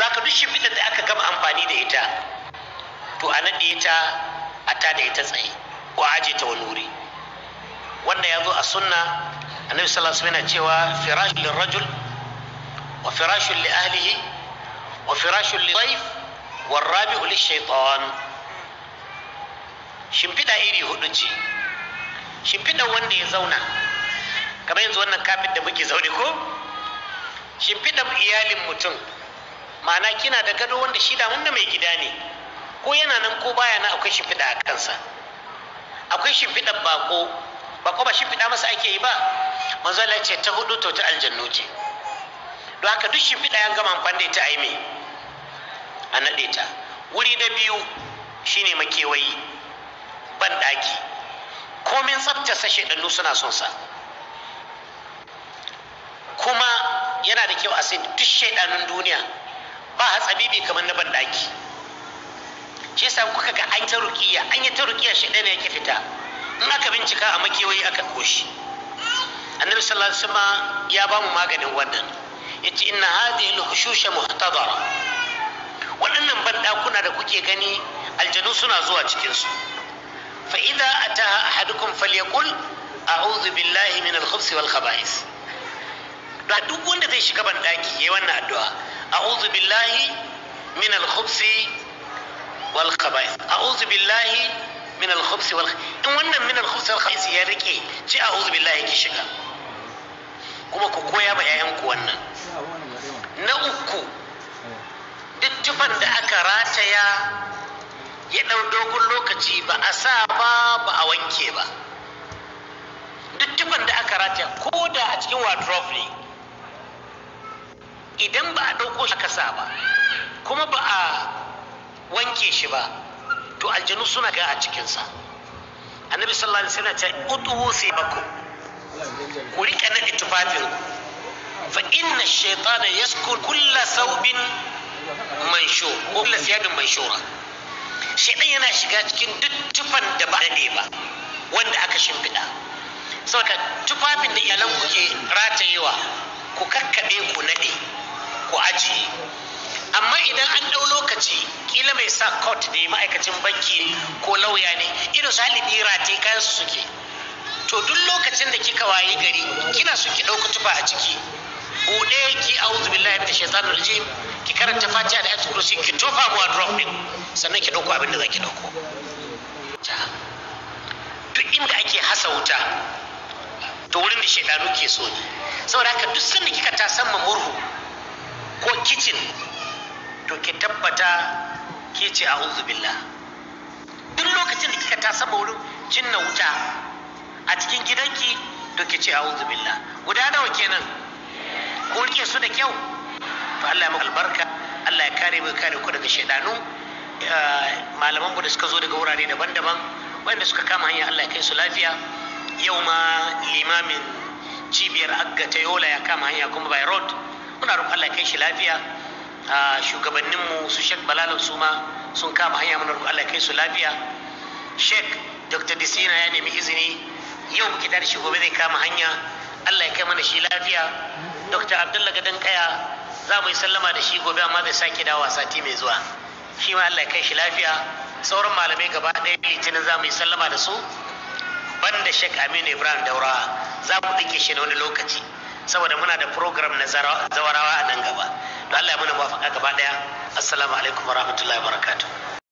za ka duk shimfiɗar da aka gama amfani da ita to a naɗe ta a ta da ita tsaye ko a aje ta wani wuri Wanda ya zo a sunna annabi sallallahu alaihi wasallam cewa firashul lirajul wa firashul li ahlihi wa firashul li dhayf wa rabi'u li shaytan shimfiɗa iri hudu ce shimfiɗa wanda ya zauna kamar yanzu wannan kafin da muke zaune ko shimfiɗa iyalin mutum ma'ana kina da gado wanda shi da mai gida ne ko yana nan ko baya nan akwai shimfiɗa a kansa akwai shimfiɗa bako bako ba shimfiɗa masa ake yi ba manzo Allah ce ta hudu to ta aljannu ce don haka duk shimfiɗa ya gama amfani da ita mai a naɗe ta wuri na biyu shine makewayi ban daki komin sa shaidannu suna son sa kuma yana da kyau a sai duk shaidanun duniya ba hatsabibi kamar na banɗaki shi yasa kuka ga an ta rukiya an yi ta rukiya shi ɗaya yake fita in aka bincika a makewayi aka koshi annabi sallallahu alaihi wasallam ya ba mu maganin wannan yace inna hadhihi al-hushusha muhtadara waɗannan banɗakuna da kuke gani aljanu suna zuwa cikin su fa idza ataha ahadukum falyaqul a'udhu billahi min al-khubuthi wal khaba'ith da duk wanda zai shiga banɗaki yayi wannan addu'a a'udhu min al-khubsi wal min al-khubsi in wannan min al-khubsi ya riƙe. ci a'udhu billahi ki shiga kuma ku koya ma yayanku wannan na uku duk da aka rataya ya ɗau dogon lokaci ba a sa ba ba a wanke ba duk da aka rataya ko da a cikin wardrobe idan ba a ɗauko shi aka sa ba kuma ba a wanke shi ba to aljanu suna ga a cikinsa annabi sallallahu alaihi wasallam ya ce utuhu sibaku ku rika naɗe tufafin fa inna shaytana yaskur kulla saubin manshu kulla siyadin manshura shaytan yana shiga cikin duk tufan da ba dade ba wanda aka shimfiɗa saboda tufafin da iyalan kuke ke ratayewa ku kakkaɓe ku nade ku ajiye, amma idan an ɗau lokaci kila mai sa court ne ma'aikacin banki ko lauya ne irin su halibi rate kayan su suke to duk lokacin da kika waye gari kina so ki ɗauka tufa a ciki buɗe ki a'udhu billahi minash shaitanir rajim ki karanta fatiha da ayatul kursi ki tofa mu drop din sannan ki ɗauko abin da zaki ɗauko duk inda ake hasa wuta to wurin da shaidanu ke so ne saboda haka duk sanda kika ta san murhu ko kicin to ki tabbata ke ce a billah duk lokacin da kika ta saba wurin cinna wuta a cikin gidanki to ki ce a billah guda nawa kenan ko rike su da kyau to Allah ya albarka Allah ya kare mu kare ku daga shaidanu eh, malaman mu da suka zo daga wurare daban-daban wanda suka kama hanya Allah ya kai su lafiya yau ma limamin cibiyar agga ta yola ya kama hanya kuma by road muna roƙon Allah kai shi lafiya shugabanninmu su Sheikh Balal su sun kama hanya muna roƙon Allah kai su lafiya Sheikh Dr. Disina ya nemi izini yau muke tare shi gobe zai kama hanya Allah ya kai mana shi lafiya Dr. Abdullah Gadan Kaya za mu yi sallama da shi gobe amma zai sake dawowa sati mai zuwa shi ma Allah ya kai shi lafiya sauran malamai gaba ɗaya litinin za mu yi sallama da su banda Sheikh Aminu Ibrahim Daura za mu ɗauke shi na wani lokaci saboda muna da program na zawarawa a nan gaba Allah ya muna mafaka gaba ɗaya assalamu alaikum warahmatullahi wabarakatuh